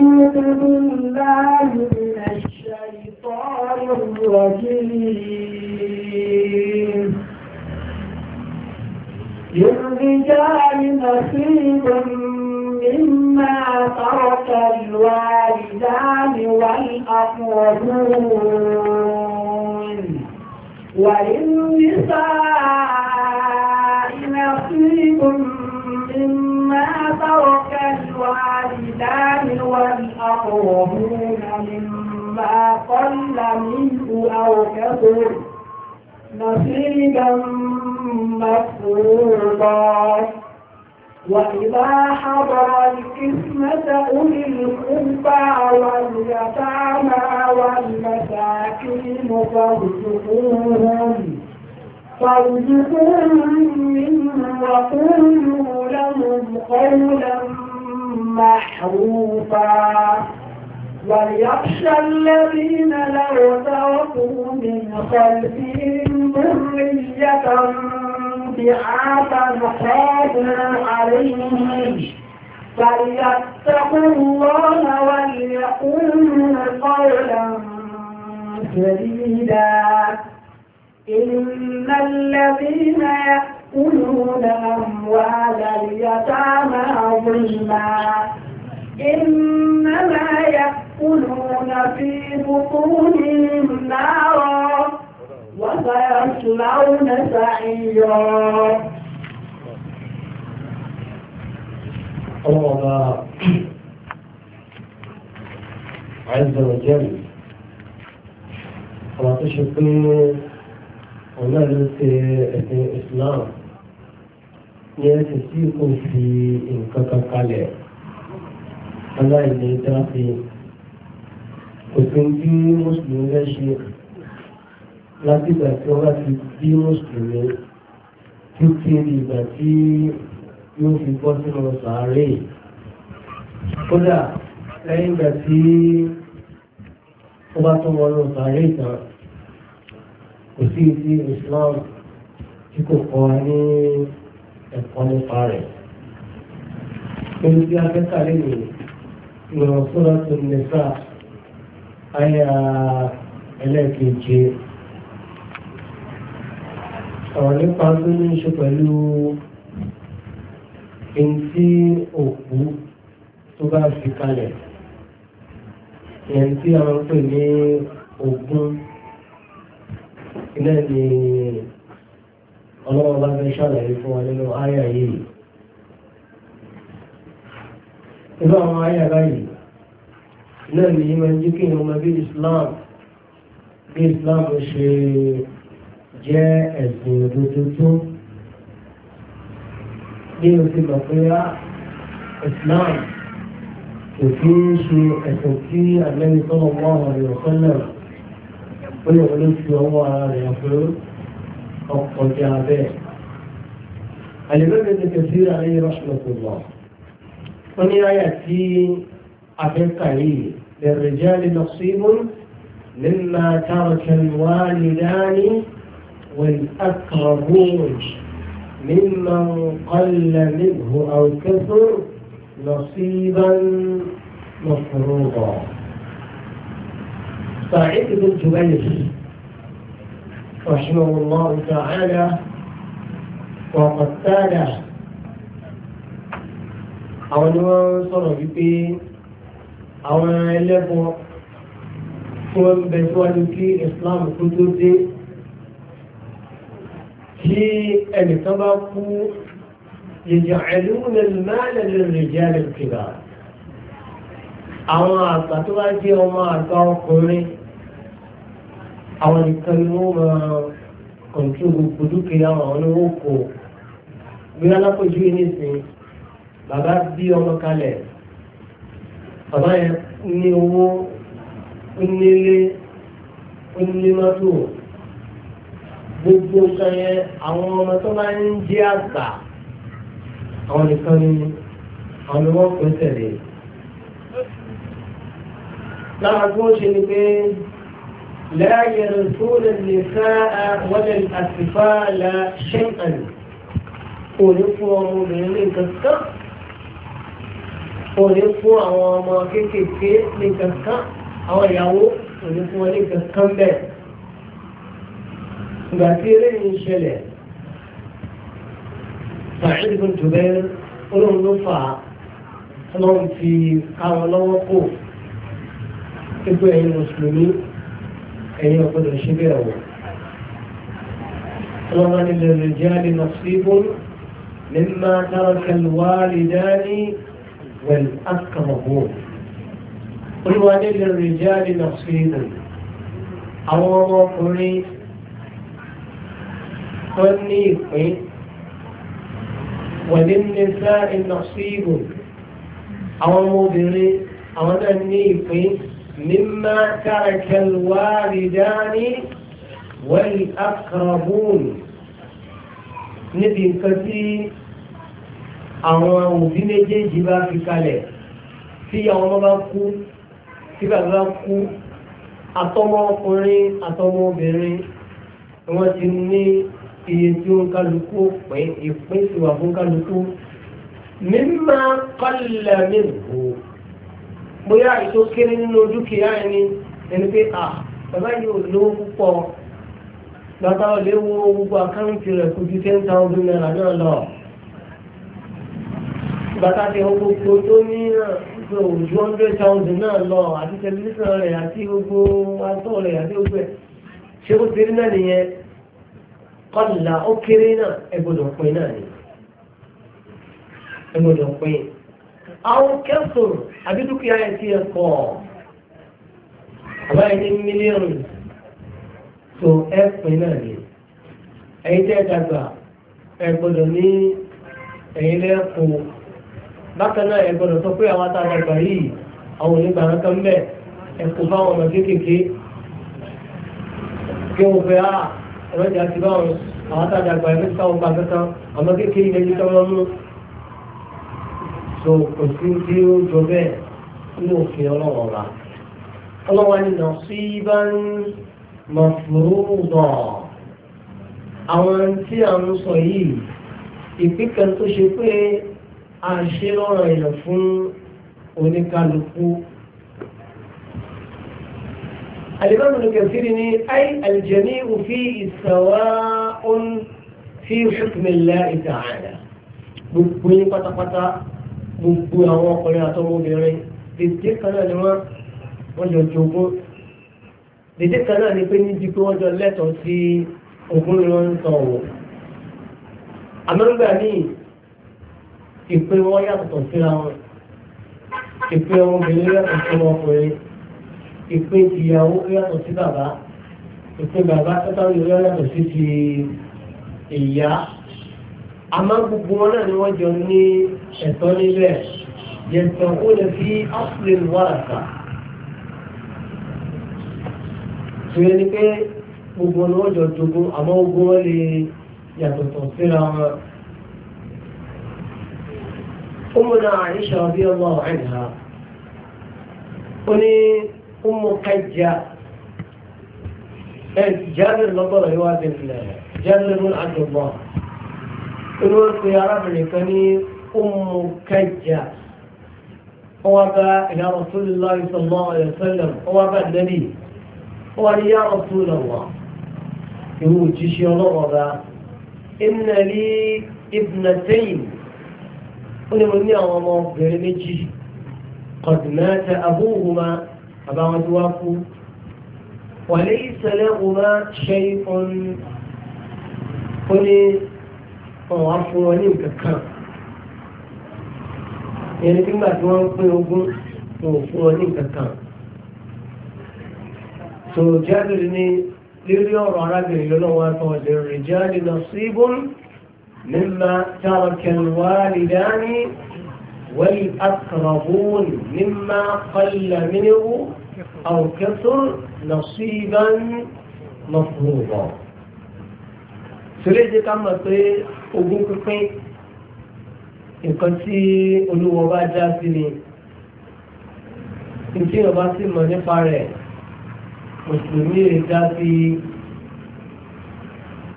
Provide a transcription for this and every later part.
بالله من الشيطان الرجيم للرجال نصيب مما ترك الوالدان والأقربون وللنساء نصيب مما مما ترك الوالدان والأقربون مما قل منه أو كثر نصيبا مفروضا وإذا حضر القسمة أولي القربى واليتامى والمساكين فارزقوهم فارزقوهم منه وقولوا لهم قولا محروفا وليخشى الذين لو تركوا من خلفهم ذرية بعاثا خافوا عليهم فليتقوا الله وليقولوا قولا سديدا إن الذين يأكلون أموال اليتامى ظلما إنما يأكلون في بطونهم نارا وسيصلون سعيرا الله عز وجل 13 قيل òun náà ló ṣe ẹ̀sìn Islam ní ẹ̀sìn tí kò fi nǹkan kan kalẹ̀ aláìní dáfi òfin tí mùsùlùmí rẹ̀ ṣe látìgbà tí wọ́n bá ti bí mùsùlùmí títí ìgbà tí yóò fi bọ́ kò sí Islam tí kò kọ́ ní ẹ̀kọ́ nípa rẹ̀. pẹ̀lú bí akẹ́kọ̀ọ́ àlẹ́ mi ìrọ̀rùn sọ́dọ̀ tó ń lẹ́sà ayé ẹlẹ́ẹ̀kejì ọ̀rọ̀ nípa tó ní ṣe pẹ̀lú ẹni tí òkú tó bá fi kalẹ̀ ẹni tí a máa ń pè ní ogún náà ni ọlọ́wọ́ bá fẹ́ ṣàlàyé fún wa nínú àyà yìí irú àwọn àyà báyìí náà ni yíma jí kí ọmọ bí Islam bí Islam ṣe jẹ́ ẹ̀sìn òdodo tó bí o ti mọ̀ pé á ah, Islam kò kí ń ṣe ẹ̀sìn tí àgbẹ̀ni sọ́nà wọ́n àwọn ènìyàn 会有的时候啊，两个好好加的。أنا بقول لك كثير عليه رحمة الله. فمن آياتي أفكاري للرجال نصيب مما ترك الوالدان والأقربون ممن قل منه أو كثر نصيبا مفروضا. سعيد بن جبير رحمه الله تعالى وقد تاله àwọn ni wọ́n sọ̀rọ̀ wípé àwọn ẹlẹ́bọn tí wọ́n ń bẹ síwájú kí Islam kú tó dé tí ẹnìkan bá kú yaj'aluna al-mala lirrijal al-kibar àwọn àgbà tó bá ọmọ àgbà ọkùnrin àwọn nìkan ni wọ́n máa kọ̀ǹtú gbogbo dúkìá àwọn ni wọ́n kò bí alákòjú yìí nìsín bàbá bí ọmọ kalẹ̀ bàbá yẹn ní owó onílé onílẹ́mọ́tò gbogbo nǹkan yẹn àwọn ọmọ tó bá ń jẹ́ àgbà àwọn nìkan ni àwọn ni wọ́n pèsè lè lára tí wọ́n ṣe ni pé. لا يرثون النساء ولا الأطفال شيئا ونفوا ومبينين كسكا ونفوا وماكي كتير من كسكا أو يعو ونفوا لين كسكا بيه باتيرين من شلال سعيد بن جبير ولهم نفع لهم في قاولة وقوف ابن المسلمين ẹ̀yìn ọ̀gbọ́dọ̀ ṣe bẹ́ẹ̀ wọ̀. Ọlọ́run ni lè rìn jẹ́ àdé nọ̀síbó mímá tárakẹ̀lùwá lè dání wẹ̀l ákàmọ̀bó. Olúwa ní lè rìn jẹ́ àdé nọ̀síbó. Àwọn ọmọkùnrin tó ní ìpín wẹ̀lẹ́ nìfẹ́ ìnọ̀síbó. Àwọn ọmọbìnrin àwọn náà ní ìpín. مما ترك الوالدان والأقربون نبي كثير tí àwọn òbí méjèèjì bá fi kalẹ̀ tí àwọn ọmọ bá kú tí bàbá bá kú àtọmọ ọkùnrin àtọmọ obìnrin wọ́n ti ní iye tí ó ń kálukú ìpín ìwà fún kálukú mímá kọ́lẹ̀ mìíràn bóyá ètò kéré nínú dúkìá ẹni ẹni pé à bàbá yìí ò lówó púpọ̀ bàbá ò lè wo gbogbo àkáǹtì rẹ̀ kó ju ten thousand naira náà lọ. bàtà ti hàn gbogbo tó ní ju hundred thousand náà lọ àti tẹlifíṣàn rẹ̀ àti gbogbo aṣọ rẹ̀ àti gbogbo ẹ̀ ṣé ó ti rí náà nìyẹn kọ́ńtà ó kéré náà ẹ gbọ́dọ̀ pín náà ni ẹ gbọ́dọ̀ pín àwọn kẹsùn àbí dúkìá yẹn ti yẹ pọ̀ àbáyé ní mílíọ̀nù tó ẹ náà ni ẹ̀yin tẹ́ ẹ dàgbà ẹ gbọ́dọ̀ ní ẹ̀yin lẹ́ẹ̀kọ́ bákan náà ẹ gbọ́dọ̀ sọ pé àwọn àtàgbà yìí àwọn onígbà kankan bẹ́ẹ̀ ẹ̀kọ́ fáwọn ọmọ kéékèèké kí wọ́n fẹ́ á ẹ̀rọ ìjà ti báwọn àwọn àtàgbà ẹ̀mí sáwọn gbà kankan ọmọ kéékèèké ilẹ̀ yìí tọ́wọ́ mú so kò sí bí ó jọ bẹ́ẹ̀ ní òfin ọlọ́wọ́ wa ọlọ́wọ́ ni nà sí bá ń mọ̀ fúrú bọ̀ àwọn tí a ń sọ yìí ìpín kan tó ṣe pé a ṣe lọ́rọ̀ èèyàn fún oníkálukú. الإمام ابن كثير أي الجميع فيه سواء في حكم الله تعالى gbogbo yín pátápátá gbogbo àwọn ọkùnrin àtọmọ obìnrin dèdè kan náà ni wọ́n jọ jogún dèdè kan náà ni pé níbi pé wọ́n jọ lẹ́tọ̀ọ́ sí ogún ni wọ́n ń tọ̀ wọ̀ àmọ́ngbà ní ìpè wọn yàtọ̀ síra wọn ìpè ọmọbìnrin yàtọ̀ sí ọmọkùnrin ìpè ìyàwó yàtọ̀ sí bàbá ìpè bàbá tọ́tà yàtọ̀ sí ti ìyá àmọ́ gbogbo wọn náà ni wọ́n jọ ní ẹ̀tọ́ níbẹ̀ yẹ̀sán ó lè fi áfíríkì wà àṣà ìrẹ́ ni pé gbogbo ni jọ jogún àmọ́ ogun wọn lè yàtọ̀tọ̀ síra wọn. أمنا عائشة رضي الله عنها أني أم حجة جابر نظر يوازن جابر بن عبد الله inú ó pe arábìnrin kan ní ọmọ kẹjà wọ́n wá bá ìlà rasulillah sallallahu alayhi wa sallam wọ́n wá bá nẹ́bí wọ́n wá ní yá rasulallah ìwú òjíṣẹ́ ọlọ́wọ́ bá inna li ibnatayn ó ní mo ní àwọn ọmọ obìnrin méjì qad mata àbáwọn tí wá kú wa laysa lahuma shay'un ó ní wọn wá fún wọn ní nǹkan kan ìyẹn ní nígbà tí wọ́n ń pín ogún wọn ò fún wọn ní nǹkan kan tó jábìrì ní lílí ọ̀rọ̀ arábìnrin lọ́wọ́ àtọ̀ ọ̀dẹ̀ rẹ̀ jáde lọ sí ibùn mímá tààkẹ̀lùwá nìdání wẹ́lì akàràbùn mímá kọlẹ̀ mínú أو كثر نصيبا مفروضا sọlẹ́ jẹ́ ká mọ̀ pé ogún pínpín nǹkan tí olúwọ bá já sí ni tí wọ́n bá sì mọ̀ nípa rẹ̀ mùsùlùmí rẹ̀ já sí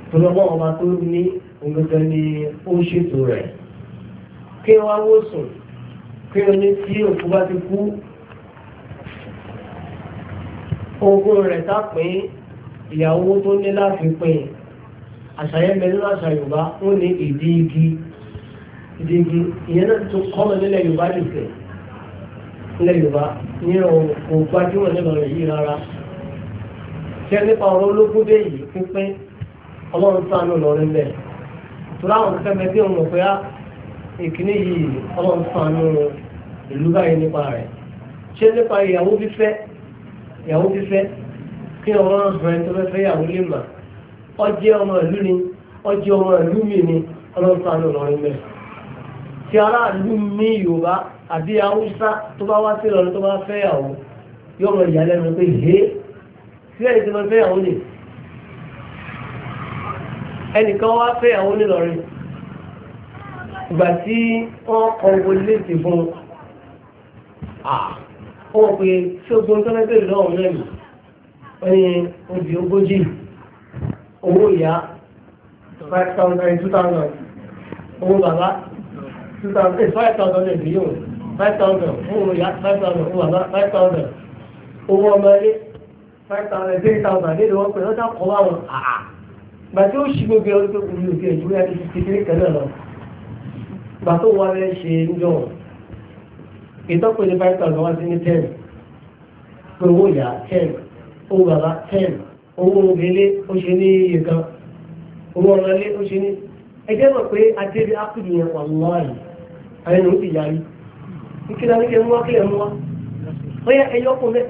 tọ́lọ́gbọ́n ọba tó ní ògbẹ́gbẹ́ ni ó ṣètò rẹ̀ kí wọ́n wó sùn kí wọ́n ní tí òkú bá ti kú ogún rẹ̀ sápín ìyàwó tó ní láti pín àṣàyẹ́ mẹ́rin náà àṣà yorùbá ó ní èdè igi èdè igi ìyẹn náà tó kọ́mọ nílẹ̀ yorùbá nìkẹ́ nílẹ̀ yorùbá ní òkú gbajúmọ̀ nílọ̀rọ̀ yìí rárá ṣé nípa ọ̀rọ̀ ológun dé yìí pínpín ọlọ́run sànù lọ́rin bẹ́ẹ̀ tura àwọn fẹ́fẹ́ bí òun mọ̀ pé ah, ìkíní yìí ọlọ́run sànù ìlú báyìí nípa rẹ̀ ṣé nípa ìyàwó fífẹ́ ìyàwó fífẹ́ kí ọmọ ọjẹ́ ọmọ ìlú ni ọjẹ́ ọmọ ìlú mi ni ọlọ́sàn-án lọ́rin mẹ́rin tí aráàlú mi yorùbá àbí haúsá tó bá wá sí ìlọrin tó bá fẹ́yàwó yóò mọ ìyàlẹ́nu pé hé sí ẹ̀yìn tí wọ́n fẹ́yàwó ni ẹnìkan wá fẹ́yàwó nílọrin ìgbà tí wọ́n kọ wọlé sí fún un wọ́n pe ṣógun tó lẹ́gbẹ̀ẹ́ lọ́wọ́ mẹ́rin wọ́n ní obì ogójì owó ìyá five owó bàbá two thousand eh, five owó ìyá five owó bàbá five owó ọmọ ilé five thousand wọn pè é lọ́jà kọ́ báwọn àà gbàtí ó ṣì gbogbo ọdún tó kù ní òkè ìdúró yàtí ti kékeré kan lọ gbàtó wà lẹ́ ṣe ń jọ ìtọ́pẹ́ ní five sí ní ten owó ìyá ten owó bàbá ten owó ilé ó ṣe ní iye kan owó ọ̀rọ̀ ilé ó ṣe ní ẹjẹ́ mọ̀ pé adébí ápùlù yẹn wà lọ́wọ́ yìí àwọn ènìyàn ti yarí ìkíni àníkè ń wá kílẹ̀ ń wá ó yẹ ẹyọ kù mẹ́.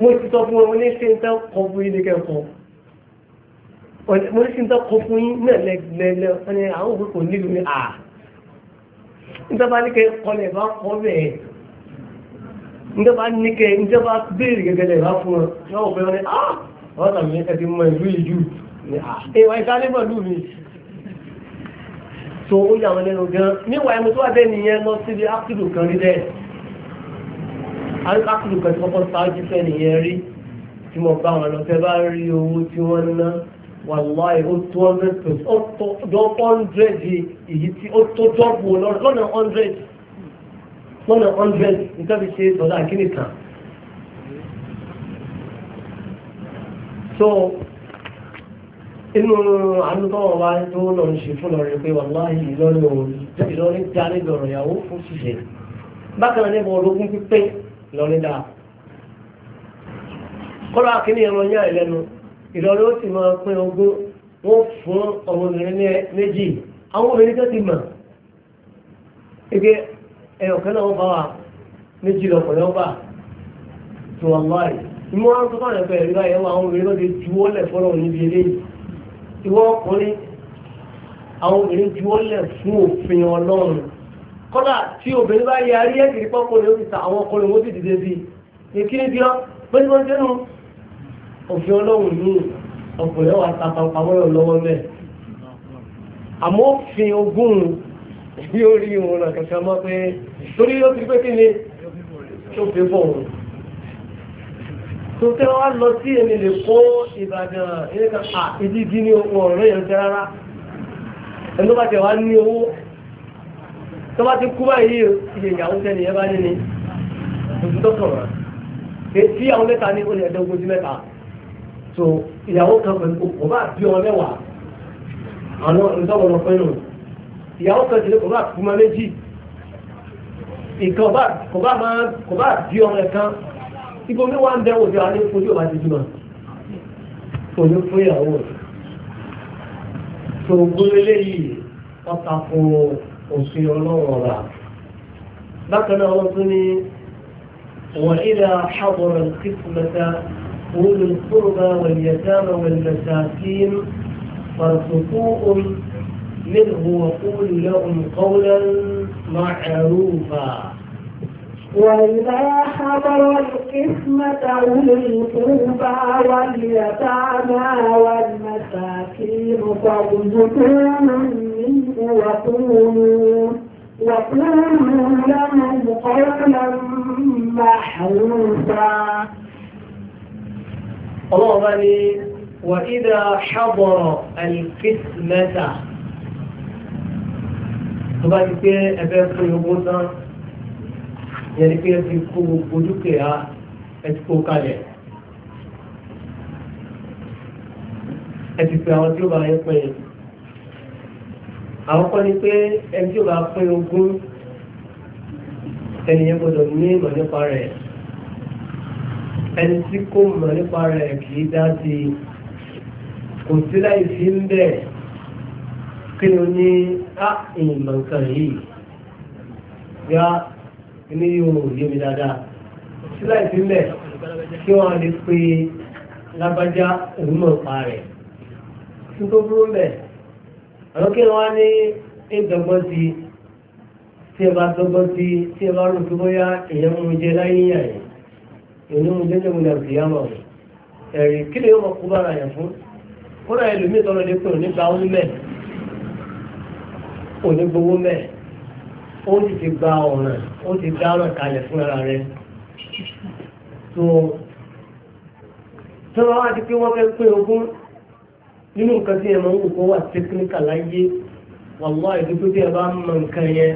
mo ti sọ fún wọn ní ṣe ń tẹ́ kọ fún yín ní kẹ́kọ̀ọ́ mo ní ṣe ń tẹ́ kọ fún yín náà lẹ́lẹ́lẹ́ ẹni àwọn òkú kò nílùú ní à ń tẹ́ bá ní kọ́ lẹ̀ bá kọ́ bẹ́ẹ̀ ìjọba níkẹ ìjọba béèrè gẹ́gẹ́lẹ̀ ìwá fún ọ yọ́wọ́ pé wọ́n ni ah wọ́n tàbí ẹ̀dí mọ ìlú ìjú ìwà ìkálẹ̀ pẹ̀lú mi tó ó yà wọn lẹ́nu gan níwà ẹmu tó wà bẹ́ẹ̀ nìyẹn lọ síbi ákìlù kan rí bẹ́ẹ̀ ákìlù kan tí kọ́kọ́ sáájú fẹ́ nìyẹn rí tí mo bá wọn lọ fẹ́ bá rí owó tí wọ́n ná wàláì ó tó hundred percent ó tó hundred èyí tí ó tó dọ́bù lọ́nà hundred lọ́nà hundred nǹkan fi ṣe sọ̀dá kíní kan. so inú àánú tó wọn wá tó lọ ń ṣe fún lọrin pé wàláhì ìlọrin òun ìlọrin dá níbi ọ̀rọ̀ ìyàwó fún ṣiṣẹ́ bákan náà nípa ológun pípé lọrin dáa kọ́lá kíní ẹran yá ìlẹ́nu ìlọrin ó sì máa pín ogún wọ́n fún ọmọbìnrin méjì àwọn obìnrin kan ti mọ̀ ike ẹ̀yọ̀kẹ́ náà wọ́n bá wa méjì lọ pẹ̀lú ọba tó wà láì ìmọ̀ àwọn tó bá rẹ̀ pẹ̀lú ẹ̀rí báyẹn àwọn obìnrin lọ́dẹ juwọ́lẹ̀ fọ́lọ́ níbi eléyìí ìwọ ọkùnrin àwọn obìnrin juwọ́lẹ̀ fún òfin ọlọ́run kọ́lá tí obìnrin bá yẹ arí ẹ̀kìrì pọ́kùnrin ó ti ta àwọn ọkùnrin wọ́n ti dìde bí i kí ni bí ọ́ pé tí wọ́n jẹ́nu òfin ọlọ́run ní ọkùnrin wa ta pàpàmọ́rọ̀ lọ́wọ́ torí ó ti pé kí ni tó fi bọ̀ wọn. tó tẹ́ wá lọ sí èmi lè kó Ìbàdàn ilé kan à ìdí ìdí ní ohun ọ̀rọ̀ yẹn tẹ́ rárá ẹni tó bá tẹ̀ wá ní owó tó bá ti kú báyìí iye ìyàwó tẹ́ni ẹ bá ní ni ojú tó sọ̀rọ̀ etí àwọn mẹ́ta ní olè ẹ̀dẹ́gbójú mẹ́ta so ìyàwó kan pẹ̀lú kò bá bí ọmọ mẹ́wàá àwọn ìtọ́wọ̀n ọ̀pẹ́ nù ìyàwó kan ti lè kò bá kú mọ́ méjì nǹkan kò bá máa kò bá di ọmọ ẹ̀ kan ibo mi wá ń bẹ́ òjò alẹ́ fojú ọba ti jùmọ̀ kò fún ìyàwó tó gbólé léyìí ọ̀tà fún òfin ọlọ́run ọ̀la bákan náà wọ́n tún ní wọ́n ìlà àbọ̀rọ̀ kíkùmẹ́ta أولي القربى واليتامى والمساكين فارزقوهم منه وقولوا لهم قولا معروفا وإذا حضر القسمة أولي القربى واليتامى والمساكين فارزقوهم منه وقولوا وقولوا لهم قولا محروفا الله وإذا حضر القسمة tó bá di pé ẹbẹ́ fún owó tán yẹn ni pé ẹ ti kó gbogbo dúkìá ẹ ti kó kalẹ̀ ẹ ti pe àwọn tí ó bá yẹ pé àwọn kọ́ ni pé ẹni tí ó bá pín ogún ẹnìyẹn gbọdọ̀ ní ìmọ̀ nípa rẹ̀ ẹni tí kò mọ̀ nípa rẹ̀ kì í dá sí i kò sí láì fi ń bẹ́ẹ̀ kí ni o ní á ìmọ̀ nǹkan yìí yá ilé yóò yé mi dáadáa sílẹ̀ ìpínlẹ̀ kí wọ́n lè pe lágbájá òun mọ̀ pa rẹ̀ tí tó burú mẹ́ àwọn kí wọ́n á ní ìdọ́gbọ́n ti tí ẹ bá dọ́gbọ́n ti tí ẹ bá rò tó bóyá èèyàn mú jẹ láyé yàn yìí èèyàn mú jẹ́ jẹ́ mu ní àbùyámọ̀ rẹ̀ ẹ̀rí kí ni yóò mọ̀ kú bára yàn fún kó náà ẹlòmíì tọ́lọ́ lè pè ní gbà ó ní mẹ́ẹ̀ òní gbowó mẹ́ ó sì ti gba ọ̀ràn ó ti dáràn kalẹ̀ fúnra rẹ̀ tó tó bá wá ti pé wọ́n fẹ́ pé ogún nínú nǹkan tí ẹ máa ń wò kó wà tẹkíníkà láyé wàlúwà ìdúgbò tí ẹ bá ń mọ nǹkan yẹn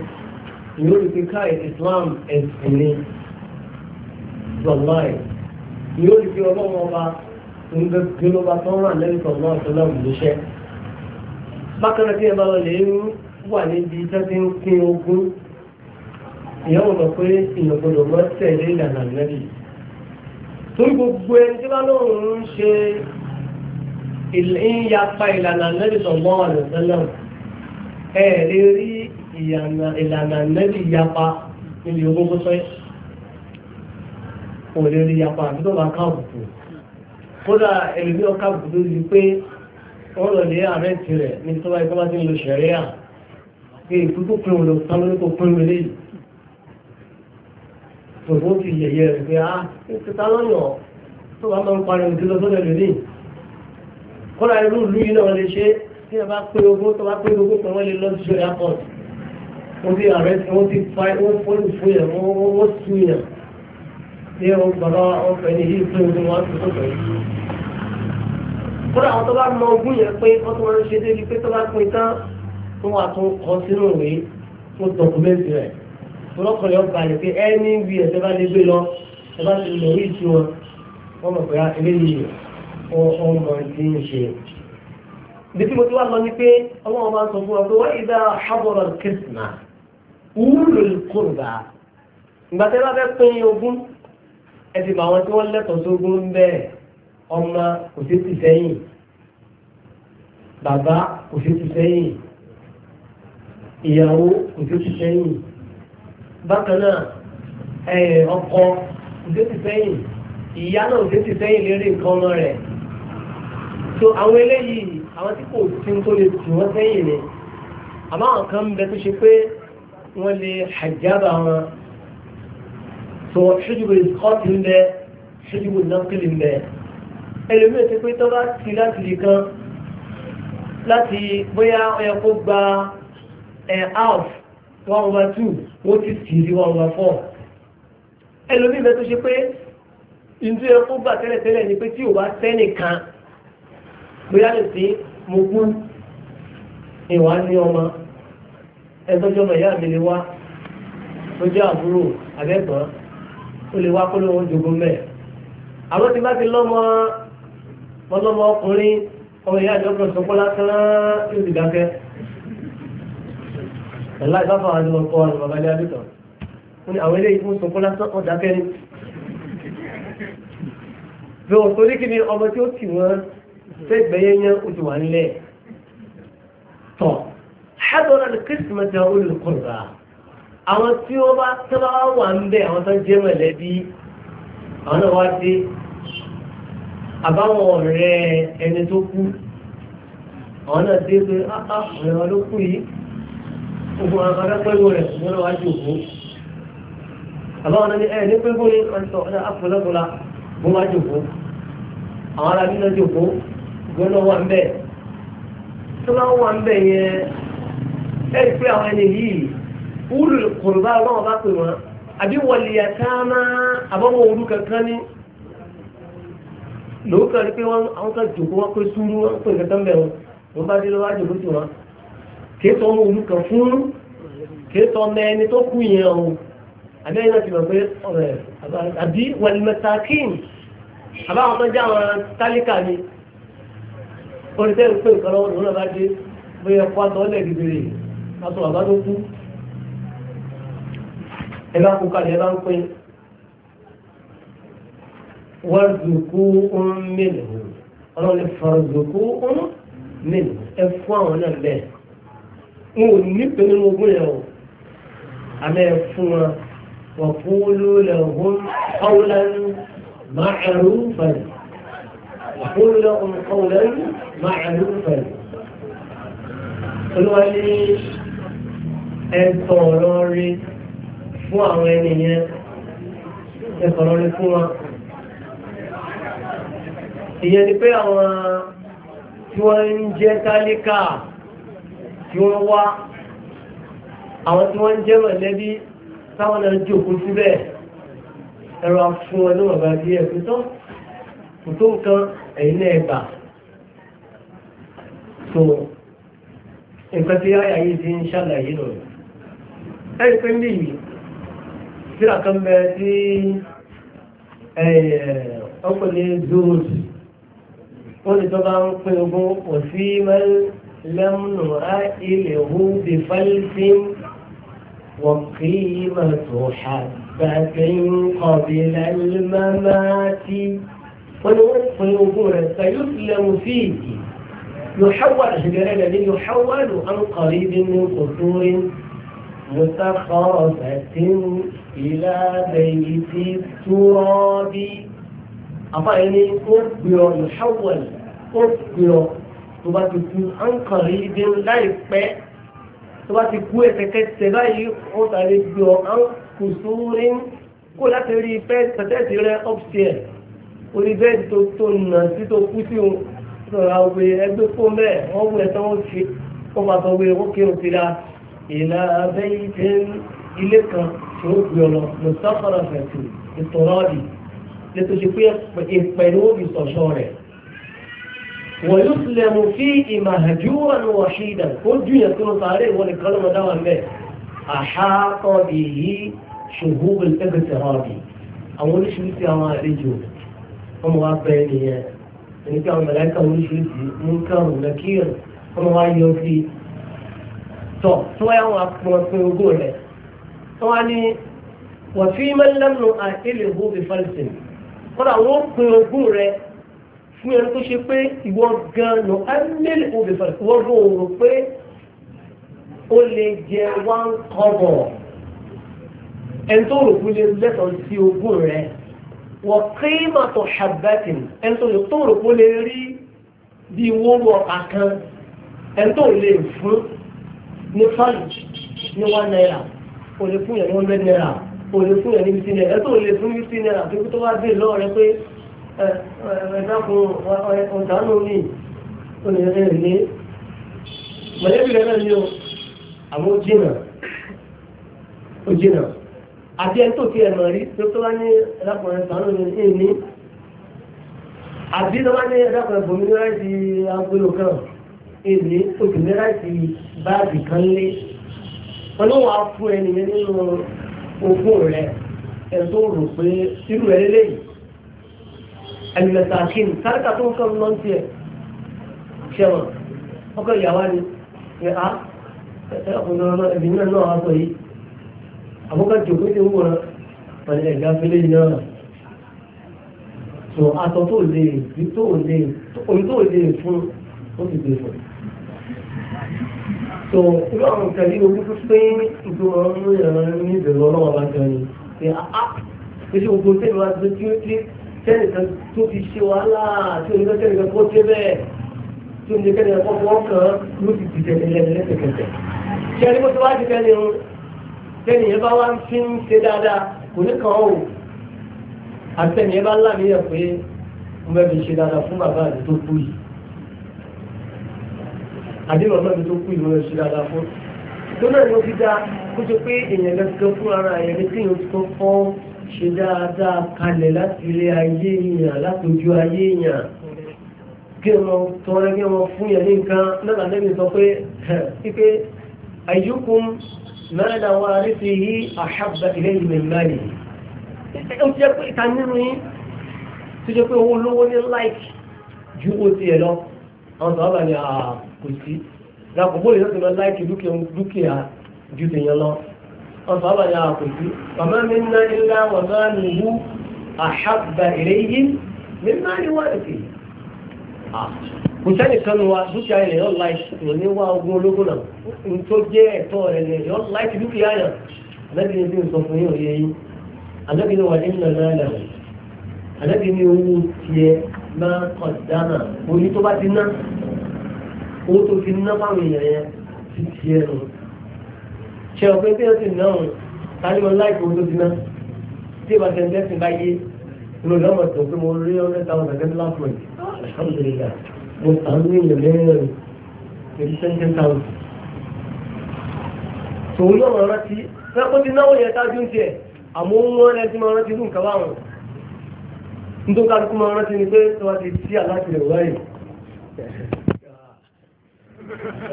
yóò rí káì Islam ẹ̀sìn ni wàlúwà yóò rí pé ọlọ́wọ́ ọba nígbà gbé ló bá tó ń rà lẹ́yìn tó ń lọ́ọ́ tó bákan náà tí ẹ bá lọ lè ń wà níbi tó ti ń pín ogún ìyá wọn mọ̀ pé èèyàn gbọdọ̀ mọ́ tẹ̀lé ìlànà lẹ́bi torí gbogbo ẹni tí bá lóun ń ṣe ìyapa ìlànà lẹ́bi sọ̀gbọ́n wà lọ́sẹ̀lẹ̀ ẹ̀ lè rí ìlànà lẹ́bi ìyapa níbi ogún kó sọ́yìn kò lè rí ìyapa àti tó máa ká òkùnkùn kódà ẹlòmíràn ká òkùnkùn lórí pé wọ́n lọ lé ààrẹ tirẹ̀ ní tó bá ikú bá ti ń lo ṣẹ̀ríà pé ìtútù pín òun lọ sánú tó pín mi léyìí tòbó ti yẹ̀yẹ́ rẹ̀ pé á ah, ìtúta lọ́yọ̀ tó bá máa ń pariwo ìdílọ sọ́dọ̀ lónìí kọ́lá irú ìlú yìí náà lè ṣe tí ẹ bá pé ogún tó bá pé ogún kan wọ́n lè lọ sí airport wọ́n ti ààrẹ tí wọ́n ti fa wọ́n fọ́lù fún yẹn wọ́n wọ́n sú yẹn ní ọ̀hún bàbá àwọn tó bá mọ ogún yẹn pé wọ́n tó wọ́n ṣe pé tó bá pin tán tó wà tó kọ sínú ìwé tó dọkumẹ́ntì rẹ̀ tọ́lọ́kọ̀lẹ́ ọgbà rẹ̀ pé ẹni bí ẹ̀sẹ̀ bá lè gbé lọ ẹ bá ti lò rí ìtú wọn wọ́n mọ̀ pé ah, eléyìí wọ́n mọ̀ tí ń ṣe. ibi tí mo ti wá lọ ni pé ọlọ́run máa ń sọ fún wa pé wọ́n ìdá habọ̀rọ̀ kìrìsìmà wúlò kóńgà ìgbà tẹ́ bá fẹ́ pín ogún ẹ ti mọ àwọn tí wọ́n lẹ́tọ̀ọ́ sógún bẹ́ẹ̀ ọmọ kò sí ti sẹ́yìn bàbá kò sí ti sẹ́yìn ìyàwó òjò ti sẹ́yìn bákan náà ọkọ òjò ti sẹ́yìn ìyá náà òjò ti lérí nǹkan ọmọ rẹ̀ so àwọn eléyìí àwọn tí kò sí tó lè tì wọ́n sẹ́yìn ni àmọ́ àwọn kan bẹ tó ṣe pé wọ́n lè hajjaba wọn so ṣíjúbù ìsọ́ọ̀tì ń bẹ ṣíjúbù nákìlì ń bẹ ẹlòmíì ti pé tó bá ti láti lè kan láti bóyá ó kó gba ẹ̀ house one over two wọ́n ti sì one over four ẹlòmíì bẹ́ẹ̀ tó ṣe pé ìdú ẹ̀kọ́ gbà tẹ́lẹ̀tẹ́lẹ̀ ni pé tí ò bá sẹ́nìkan bóyá lè sí mo kú ìwà ní ọmọ ẹgbẹ́jọ́ ọmọ ìyá mi lè wá tó jẹ́ àbúrò àbẹ́gbọ́n ó lè wá kó lóun jogún mẹ́ẹ̀ àwọn tí bá ti lọ́mọ ọlọ́mọ ọkùnrin ọmọ ìyá ìjọba ìsọpọ́lá tán yóò ti dákẹ́ ẹ̀lá ìbáfà àti ọkọ̀ àti bàbá ilé abẹ́kàn ó ní àwọn ilé ìfún sọpọ́ lásán ọ̀dà kẹ́ni bí wọ́n torí kí ni ọmọ tí ó kì wọ́n fẹ́ gbẹ̀yẹ́yẹ́ ó ti wà nílẹ̀ tọ̀ hadọ́rọ̀ ní kírísìmẹ́tì olùkọ́ra àwọn tí ó bá tẹ́lá wà ń bẹ̀ àwọn tó ń jẹ́ mọ̀lẹ́bí àwọn náà wá dé àbáwọn ọ̀rẹ́ ẹni tó kú àwọn náà dé pé áá ah, ah, ọ̀rẹ́ wọn ló kú yìí gbogbo àwọn adápẹ́gbò rẹ̀ wọ́n lọ́wọ́ ajú òkú àbáwọn ní ẹ̀ ní pẹ́gbò ní ọ̀sọ̀ ọ̀dà àpòlọ́pọ̀lá wọ́n wá jòkó àwọn ará bí lọ́jọ́ òkú wọ́n lọ́wọ́ ń bẹ̀ tó bá wà ń bẹ̀ yẹn ẹ̀ àwọn ẹni yìí wúlò ọlọ́wọ́ bá pè wọ́n àbí àbọ̀wọ̀ kankan ní rí pé wọ́n pé súrú pè kankan bẹ̀ bá kéétọ́ olùkàn fún kéétọ́ mẹ́ni tó kú yẹn o àbẹ́yìn náà ti mọ̀ pé ọ̀rẹ́ àbí wẹ̀lìmẹ̀tàkìn àbáwọn tó jẹ́ àwọn tálíkà ni oríṣẹ́ ìpé nǹkan lọ́wọ́ lòun náà bá dé bóyá ẹ̀kọ́ àtọ́lẹ̀ gbèrè látọ̀ bàbá tó kú ẹ bá kú kalẹ̀ ẹ bá ń pín wọ́n ń mélòó ọlọ́run lè ń mélòó ẹ fún àwọn náà bẹ́ẹ̀ n ò nífẹ̀ẹ́ nínú ogún yẹn o àmì ẹ̀ fún wa wà fún olólùwọ̀n qawlan ma'rufan wà fún olólùwọ̀n qawlan ma'rufan olúwa ní ẹ̀tọ́ ọ̀rọ̀ fún àwọn ẹni ẹ̀tọ́ ọ̀rọ̀ fún wa ìyẹn ni pé àwọn tí wọ́n ń jẹ́ tálíkà tí wọ́n wá àwọn tí wọ́n jẹ́ mọ̀lẹ́bí táwọn náà jókòó síbẹ̀ ẹ̀rọ afún wọn ní bàbá bí ẹ̀ pé tán kò tó nǹkan ẹ̀yìn náà gbà tó nǹkan tí yáyà yìí ti ń ṣàlàyé nù ẹ̀rí pé ń bì yìí síra bẹ tí ọkùnrin zoos wọ́n lè tọ́ bá ń pín ogún òsì mẹ́rin. لم نؤائله بفلس وقيمة حبة قبل الممات ونوقف يقول فيسلم فيه يحول أشجار الذي يحول عن قريب من قصور متخافة إلى بيت التراب أطعني أبيو يحول أبيو tó bá ti kú à ń kàn rí ibi láìpẹ́ tó bá ti kú ẹ̀kẹ́kẹ́sẹ̀ báyìí ó tàbí gbé ọ à ń kù sórí kó láti rí pẹ́ tẹ̀tẹ̀sì rẹ upstairs orí bẹ́ẹ̀dì tó tó nà sí tó kú sí o sọ̀rọ̀ àwọn ẹgbẹ́ fún bẹ́ẹ̀ wọ́n wù ẹ̀ tán wọ́n fi wọ́n máa sọ pé wọ́n kírun sí la ìlà abẹ́ ìtẹ́ ilé kan tí gbé ọ lọ mùsàfàrà fẹ̀tù ìtọ́rọ́ọ̀dì lẹ́tọ́ ṣe pé ìpẹ̀lú òbí sọ̀ṣọ́ rẹ̀ ويسلم فيه مهجورا وحيدا كل يكون طارئ ونكلم دوا به أحاط به شهوب الاغتراب أول شيء في عمالجه هم غابينية يعني كان ملاك أول شيء في منكر ونكير هم غايون في طب سواء هم يقول يعني وفي من لم نؤهله بفلس قرأ وقت يقول fún ẹni tó ṣe pé ìwọ gan-an lọ á mẹ́lẹ̀ òbí fàlẹ̀ wọ́n rò rò pé ó lè jẹ one kọ́bọ̀ ẹni tó rò kú lè lẹ́tọ̀ọ́ sí ogún rẹ̀ wọ́n kí màtọ̀ ṣàbẹ́tìn ẹni tó rò kú lè rí bí wóró ọ̀ka kan ẹni tó lè fún ní fàlẹ̀ ní one naira ó lè fún yẹn ní one hundred naira ó lè fún yẹn ní fifty naira ẹni tó lè fún fifty naira tó kí tó bá dé lọ́ọ̀rẹ́ pé ẹ̀ẹ́dẹ́kun ọ̀dánù mi olèrè lé mọ̀lẹ́bí rẹ̀ náà ni o àmọ́ ó jìnà ó jìnà àti ẹni tó ti ẹ̀mọ̀ rí tó tó bá ní ẹ̀dẹ́kun ọ̀dánù mi ní ní àbí tó bá ní ẹ̀dẹ́kun ẹ̀bùnmi ní láìsí agbélò kan èlé oṣù ní láìsí báàgì kan lé wọn ló wà fún ẹnìyẹn nínú ogún rẹ ẹ̀ tó rò pé irú ẹ̀ lélẹ́yìí alimasakin sáríkà tó ń kọ́ lọ́n ti ẹ̀ ṣẹ́wọ̀n ọkọ̀ ìyàwó ni ẹ̀ á ọkùnrin náà ẹ̀bí náà náà wá sọ yìí àbúkà tí òkú ti ń wòran pẹ̀lú ẹ̀gá fẹ́lẹ́ yìí náà tó aṣọ tó lè rí tó lè orí tó lè fún ó sì gbé fún tó irú àwọn kẹ̀lé orí pípé ìgbìmọ̀ ọ̀run ìrànlọ́wọ́ ní ìbẹ̀rù ọlọ́wọ́ bá jọ ni pé á pé ṣé tẹ́lẹ̀ wá ti tẹ́nìkan tó ti ṣe wàhálà tí o ní kẹ́nìkan kó tẹ́ bẹ́ẹ̀ tí o ní kẹ́nìkan kó fọ́ kàn ló ti dìde nílẹ̀ lẹ́sẹ̀kẹsẹ̀. sẹ́ni mo ti wá di kẹ́ni o tẹ́nì yẹn bá wá fi ń ṣe dáadáa kò ní kàn ó àtẹ̀nì yẹn bá láàmìyàn pé mo bẹ́ẹ̀ fi ṣe dáadáa fún bàbá mi tó kú yìí àdínà náà mi tó kú ìlú rẹ̀ ṣe dáadáa fún tó náà ló fi dá kó ṣe dáadáa kalẹ̀ láti ilé ayé èèyàn látòjú ayé èèyàn kí wọn tọrẹ kí wọn fún yẹn ní nǹkan náà lẹ́bi sọ pé pípé àyíkún mẹ́rẹ̀dá wa rí sí yí àṣàbà ilé ìlú ìmáyì ó jẹ́ pé ìta nínú yín tó jẹ́ pé owó lówó ní láìkì ju owó tiẹ̀ lọ àwọn sọ̀rọ̀ bá ní àkòsí lápò bóyá ìlú ti lọ láìkì dúkìá ju tèèyàn lọ ọ̀sọ́bà ní àkùsí ọmọ mi ná ilá wọ̀nà nìyú àṣàbà ìrẹ́yìn mi má ní wà ní kìí. kò sẹ́ni kan wa dúkìá ilẹ̀ yọ láì tó ní wá ogún ológun náà n tó jẹ́ ẹ̀tọ́ rẹ̀ lẹ̀ yọ láì dúkìá yàn alábìyẹ bí n fún yín òye yín alábìyẹ wà ní nà náà lẹ̀ alábìyẹ ní owó tiẹ̀ máa kọ̀ dáná oní tó bá ti ná owó tó fi ná fáwọn èèyàn yẹn ti tiẹ̀ nù ṣe ọ̀pẹ tí wọ́n sì ná òun tani mo láì kó lójú náà tí ìbá ṣe ń bẹ́ẹ̀ sìn báyé ló lọ́mọ̀ tó pé mo rí ọ̀rẹ́ táwọn ọ̀gá ní láàpù rẹ̀ alhamdulillah mo tà ń ní ìlẹ̀ mẹ́rin pẹ̀lú twenty thousand. tòun náà mo rántí lọ́pọ̀ tí náwó yẹn tájú ń tiẹ̀ àmọ́ ń wọ́n ẹni tí mo rántí fún kàwá àwọn nítorí kálukú mo rántí ni pé tí wọ́n ti tí aláàtì rẹ̀ wáyé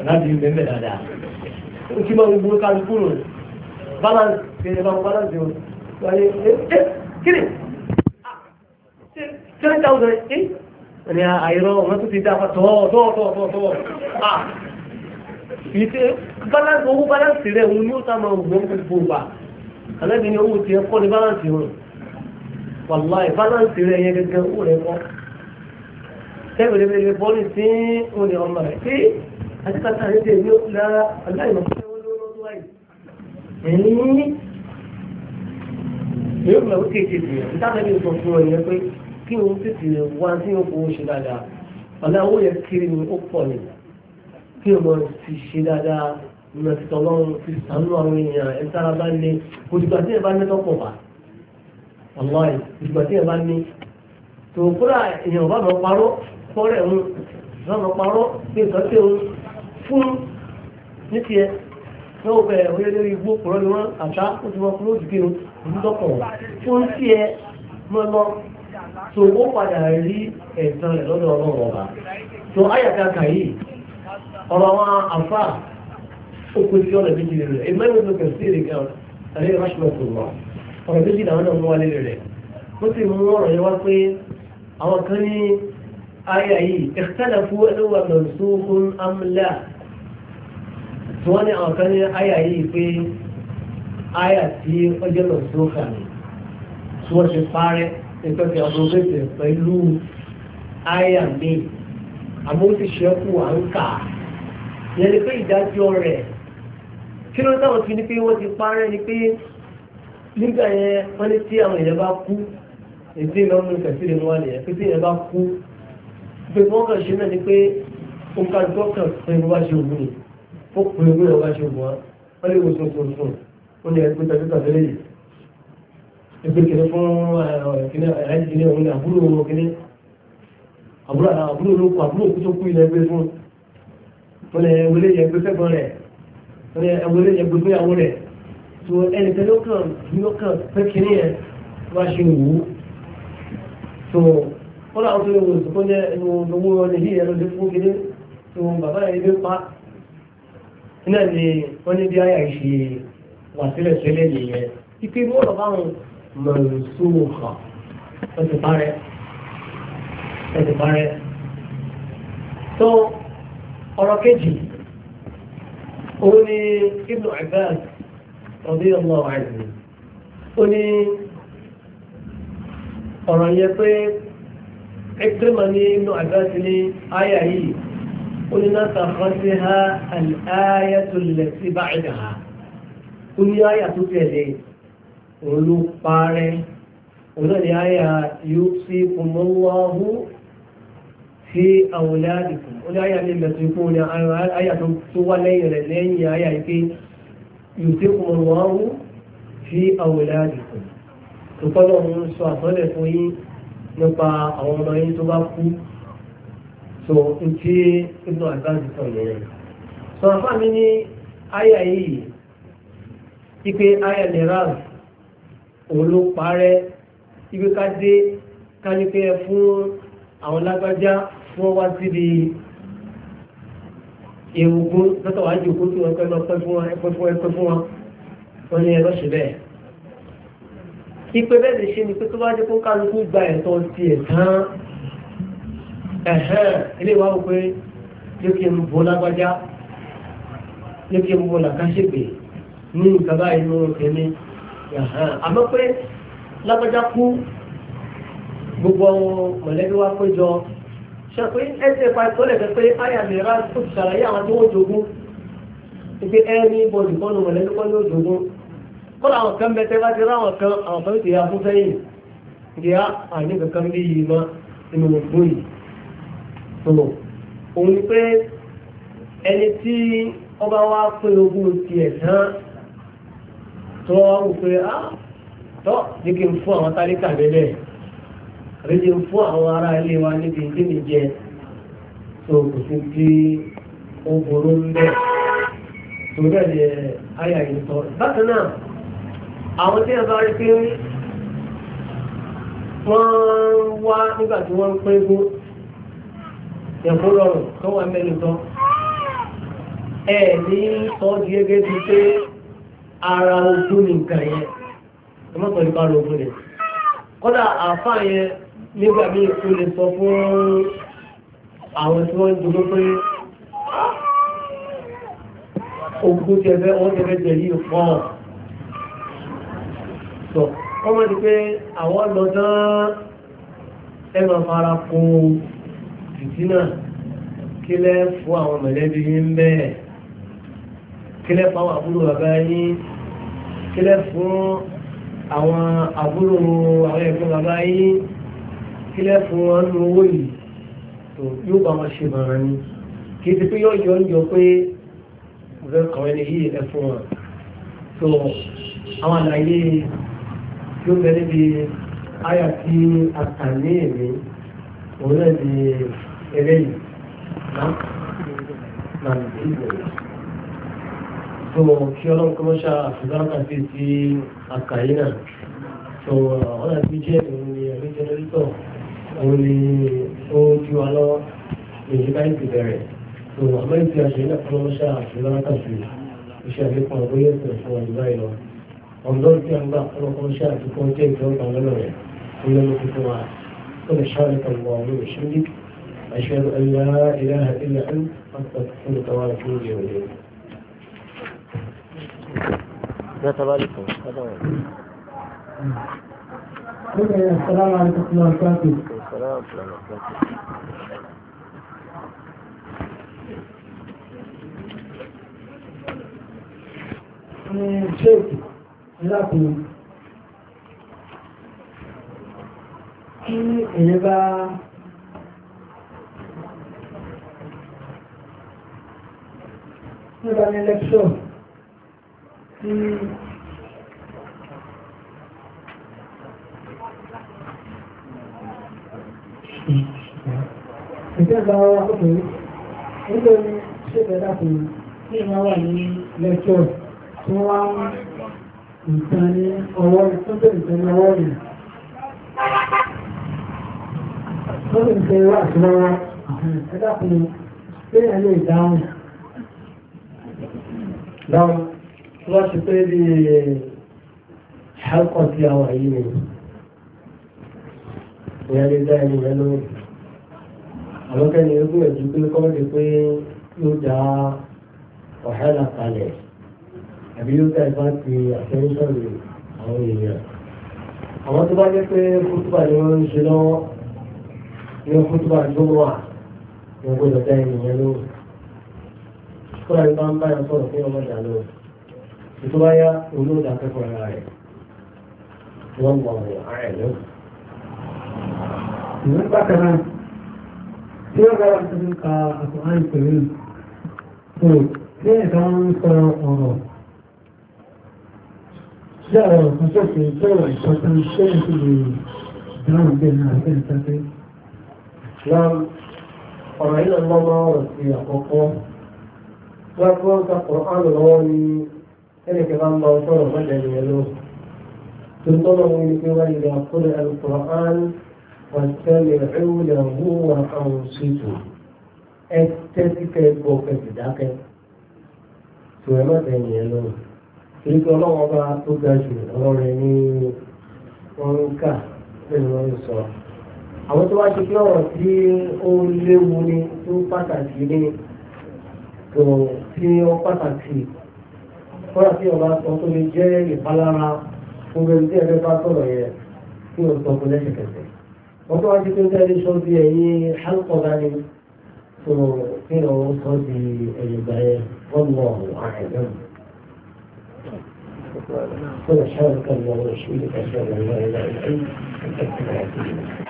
láti ó ti máa ń gbó kárí kúrò rẹ̀ balance kìí máa ń balance o wáyé ẹ kíni seven thousand ẹ ẹni àìrọ ọ̀nà tó ti dá apá tọ́ tọ́ tọ́ tọ́ tọ́ ah ìṣe balance owó balance rẹ̀ òun ni ó sá máa gbọ́n gbogbo gbà àlẹ́bí ni owó tiẹ̀ kọ́ ni balance rẹ̀ wàláì balance rẹ̀ yẹn gẹ́gẹ́ owó rẹ̀ kọ́ tẹ́lẹ̀ lè bọ́ọ̀lì sí òun ni ọmọ rẹ̀ sí eh, àti tàtà rẹ̀ dé ní ọ̀la aláìmọ̀ yóò mọ̀ wípé tètè ìtàkùn ẹni sọ fún ọ yẹn pé kí òun tètè wá sí òkú oṣù dáadáa ọ̀nà owó yẹn kiri ni ó pọ̀ nìyà kí ọmọ ti ṣe dáadáa mẹsìtọ̀ lọ́run fi sànú àwọn èèyàn ẹ̀sára bá lé òdìgbà tí ẹ bá ní tọ́pọ̀ wá ọ̀nà òdìgbà tí ẹ bá ní tó kúrà èèyàn bá mọ̀ parọ́ kọ́rẹ̀ mu bá mọ̀ parọ́ pé ìtọ́jú fún ní tiẹ̀ yóò bẹ̀rẹ̀ orí lórí igbó pọ̀rọ̀ ni wọ́n àṣà ó ti wọ́n kúrò òdìgbé o ìdúdọ́kọ̀ tí ó ń sí ẹ mọ́ lọ tó ó padà rí ẹ̀san rẹ̀ lọ́dọ̀ ọlọ́run ọba tó ayàtà kàyí ọ̀rọ̀ àwọn àfà ó kó sí ọ̀nà méjì rẹ̀ ìmẹ́rin ló kẹ̀ sí ìrìnkà àlẹ́ rásùlọ̀tò lọ tí wọ́n ní àwọn kan ní àyà yìí pé àyà tí ọjọ́ lọ sí òkà ni tí wọ́n ti parẹ́ ìpẹ́kẹ́ ọdún méje pẹ̀lú àyà mi àmọ́ ti ṣẹ́kù à ń kà yẹn ni pé ìdájọ́ rẹ̀ kí ló táwọn fi ni pé wọ́n ti parẹ́ ni pé nígbà yẹn wọ́n ní tí àwọn èèyàn bá kú èdè ìlọ́mú ìfẹ̀sílẹ̀ ni wọ́n lè yẹn pé tí èèyàn bá kú gbogbo wọn kàn ṣe náà ni pé ó ká pé wọ́n bá ṣe òun ó pè é bí ọba ṣe wọ́n wọ́n lè wo sunsunsun ó ní ẹgbẹ́ tàbí tàbí lẹ́yìn ẹgbẹ́ kìnnì fún ẹ̀kìnnì eh, ẹ̀kìnnì eh, òun àbúrò òun kìnnì àbúrò àbúrò ló kọ àbúrò kú tó kú ilẹ̀ ẹgbẹ́ fún wọ́n lè wọlé ẹgbẹ́ fẹ́gbọ́n rẹ̀ wọ́n lè wọlé ẹgbẹ́ fúnyàwó rẹ̀ tó ẹni tẹ́ ló kàn fẹ́ kìnnì yẹn wọ́n iná ni wọ́n ní bí àyà ìṣe wà sílẹ̀ sílẹ̀ nìyẹn ike bí wọ́n lọ bá wọn mọ̀rún sówó hàn wọ́n ti parẹ́ wọ́n ti parẹ́ tó ọ̀rọ̀ kejì òun ni Ibn Abbas radiyallahu anhu ó ní ọ̀rọ̀ yẹ pé ẹgbẹ́ mọ̀ ní Ibn Abbas ní àyà yìí. ونسختها الآية التي بعدها كل آية تتلي ولو قارئ ولو آية يوصيكم الله في أولادكم ولا آية لما تكون آية سوى لين لين آية في يوصيكم الله في أولادكم تقولون سوى صدقوا نبقى أولادكم so n tí inú àgbáǹdì sọ yẹn sọ àfáàmì ní àyà yìí ipe àyà nìran òun ló parẹ́ ibi ká dé ká ní pé fún àwọn lágbájá fún wá síbi egungun lọ́tọ̀ wá ju kó tí wọ́n pẹ́ lọ pẹ́ fún wọn ẹ̀pẹ́ fún ẹ̀pẹ́ fún wọn wọ́n ní ẹ̀rọ ṣe bẹ́ẹ̀. ipe bẹ́ẹ̀ lè ṣe ni pé tó bá jẹ́ kó kálukú gba ẹ̀tọ́ tiẹ̀ tán ẹ̀hẹ́n ilé wa wò pé yóò kí n bó lágbájá yóò kí n bó làkàṣègbè ní nǹkan báyìí ní oṣù mi àmọ́ pé lágbájá kú gbogbo mọ̀lẹ́bí wa péjọ ṣe pé ẹsẹ̀ pa ìtọ́lẹ̀ fẹ́ pé àyà lè ra ó ti ṣàlàyé àwọn tí wọ́n jogún ibi ẹni bọ́ọ̀lù kọ́nu mọ̀lẹ́bí kan ló jogún kọ́lá àwọn kan bẹ́tẹ́ bá ti rá àwọn kan àwọn kan ti yà fún sẹ́yìn ìyá àní bí yìí mọ́ inú gbòòyì so òun ni pé ẹni tí ọba wa pé ogún tiẹ̀ tán tó wá wò pé á tọ́ ní kí n fún àwọn tálíkà lélẹ̀ àbí kí n fún àwọn ará ilé wa níbi tí mi jẹ so kò sí tí ó burú ń bẹ̀ tó bẹ́ẹ̀ ni ayà eh, yìí sọ bákan náà àwọn tí a rí pé wọ́n wá nígbà tí wọ́n ń pé gún ẹ̀kọ́ rọrùn tó wà mẹ́lú tán ẹ ní sọ di gẹ́gẹ́ bí pé ara ojú ni nǹkan yẹn ẹ mọ̀ pẹ̀lú ara ojú rẹ̀ kódà àáfàá yẹn nígbà míì ó lè sọ fún àwọn tí wọ́n ń dúró pé ogun ti ẹgbẹ́ wọ́n ti ẹgbẹ́ jẹ yìí pọ̀ sọ wọ́n mọ̀ ní pé àwọn lọ́dán ẹ máa fara kún un fìtínà kílẹ̀ fún àwọn mẹ̀lẹ́bí yín bẹ́ẹ̀ kílẹ̀ fún àwọn àbúrò bàbá yín kílẹ̀ fún àwọn àbúrò àwọn ẹ̀gbọ́n bàbá yín kílẹ̀ fún wọn ní owó yìí tó yóò bá wọn ṣe bàrà ni kì í ti pé yọ̀ọ́ yọ̀ọ́ yọ pé ọ̀fẹ́ kàwé ni yìí ẹ̀ fún wọn tó àwọn àlàyé yóò bẹ̀rẹ̀ bí àyà tí a kà ní èmi òun náà di eléyìí náà náà ní ìgbèrè tó kí ọlọ́run kọ́ mọ́ṣá àfìbáràkà sí ti àkàyé náà tó ọ̀nà tí jẹ́ òun ni ẹ̀rí jẹnẹrétọ̀ òun ni ó ju wa lọ èyí bá ìgbè bẹ̀rẹ̀ tó àmọ́ ìgbè àṣẹ náà kọ́ mọ́ṣá àfìbáràkà sí iṣẹ́ àlékún àgbóyè ẹ̀sẹ̀ fún ọdún báyìí lọ ọ̀dọ́ tí a ń gbà ọlọ́kọ́ mọ́ṣá àti kọ́ jẹ́ ìjọba lọ́nà rẹ̀ ó lẹ́nu tuntun wa. الله اللهم وبحمدك أشهد أن لا إله إلا أنت لا وأتوب إليك السلام عليكم السلام ورحمة الله وبركاته السلام ورحمة الله وبركاته tí èyí bá nígbà ní lẹ́kṣọ̀ tí ìjọba wa ọkùnrin nítorí ṣẹ́fẹ̀ẹ́ dàpọ̀ tí wọ́n wà ní lẹ́kṣọ̀ tí wọ́n wá ń ìtàn ní ọwọ́ ìtúntẹ̀ ìtàn ní ọwọ́ rẹ̀ wọ́n lè ṣe wá àtúnwá ẹ̀dá fún mi pé ẹ̀ lè dáhùn. dáhùn tí wọ́n ti pé bí ṣàkọ́ sí àwọn yìí ni ìyá lè dá ẹni yẹn lóhùn. àwọn kẹ́ni ẹgbẹ́ ẹ̀jú pé kọ́mọ́dé pé yóò dá ọ̀hẹ́là kalẹ̀ àbí yóò dá ìbá ti àtẹ́ńṣọ́ọ̀lù àwọn èèyàn. àwọn tó bá jẹ́ pé kútùbà ni wọ́n ń ṣe lọ́wọ́ ní kútùbà júmọ́ à ní gbọ́dọ̀ dá ènìyàn lóhùn kúrò ní bá ń báyà sọ̀rọ̀ fún ọmọ ìdá lóhùn ètò bá yá olóòdà akẹ́kọ̀ọ́ ara rẹ̀ wọ́n mọ̀ ọ̀rọ̀ ààrẹ lóhùn. ìwé bákan náà tí ó gbára tó ń ka àkùnrin pẹ̀lú tó tí ẹ̀ka ń sọ ọ̀rọ̀ sí àwọn ọ̀kan tó fi tó ìṣọ́tún ṣé ìṣòro ìdáhùn bẹ́ẹ̀ náà bẹ́ẹ̀ sáfẹ́ wọn ọ̀rọ̀ ilẹ̀ wọn máa wọ̀ sí àkọ́kọ́ wọn kọ́ ta kọ̀ọ̀kan lọ́wọ́ ni ẹnìkan bá ń bá sọ̀rọ̀ mọ́lẹ̀ nìyẹn lọ tó tọ́lọ̀ wọn ni pé wọ́n ilẹ̀ àkọ́lẹ̀ alukọ̀ọ̀kan wọn tẹ́lẹ̀ ẹ̀wùlẹ̀ wúwà àwọn ṣètò ẹ tẹ́sí kẹ́ gbọ́ kẹ́sì dákẹ́ tó ẹ ọ̀rọ̀ rẹ̀ ní wọn ń lẹ́nu wọn ń àwọn tó wá ṣe pé ọ̀rọ̀ tí ó léwu ni tó pàtàkì ni tí ó pàtàkì kọ́ra tí ọba sọ tó lè jẹ́ ìpalára fún ẹni tí ẹgbẹ́ bá sọ̀rọ̀ yẹn tí ó sọ fún lẹ́sẹ̀kẹsẹ̀ wọ́n tó wá ṣe pé ó tẹ́lẹ̀ sọ bí ẹ̀yìn hálùkọ́dá ni tó kí ni sọ di ẹ̀yìn ìgbà yẹn wọ́n mọ ọ̀hún àìdán. سبحانك اللهم وبحمدك اشهد ان لا اله الا انت استغفرك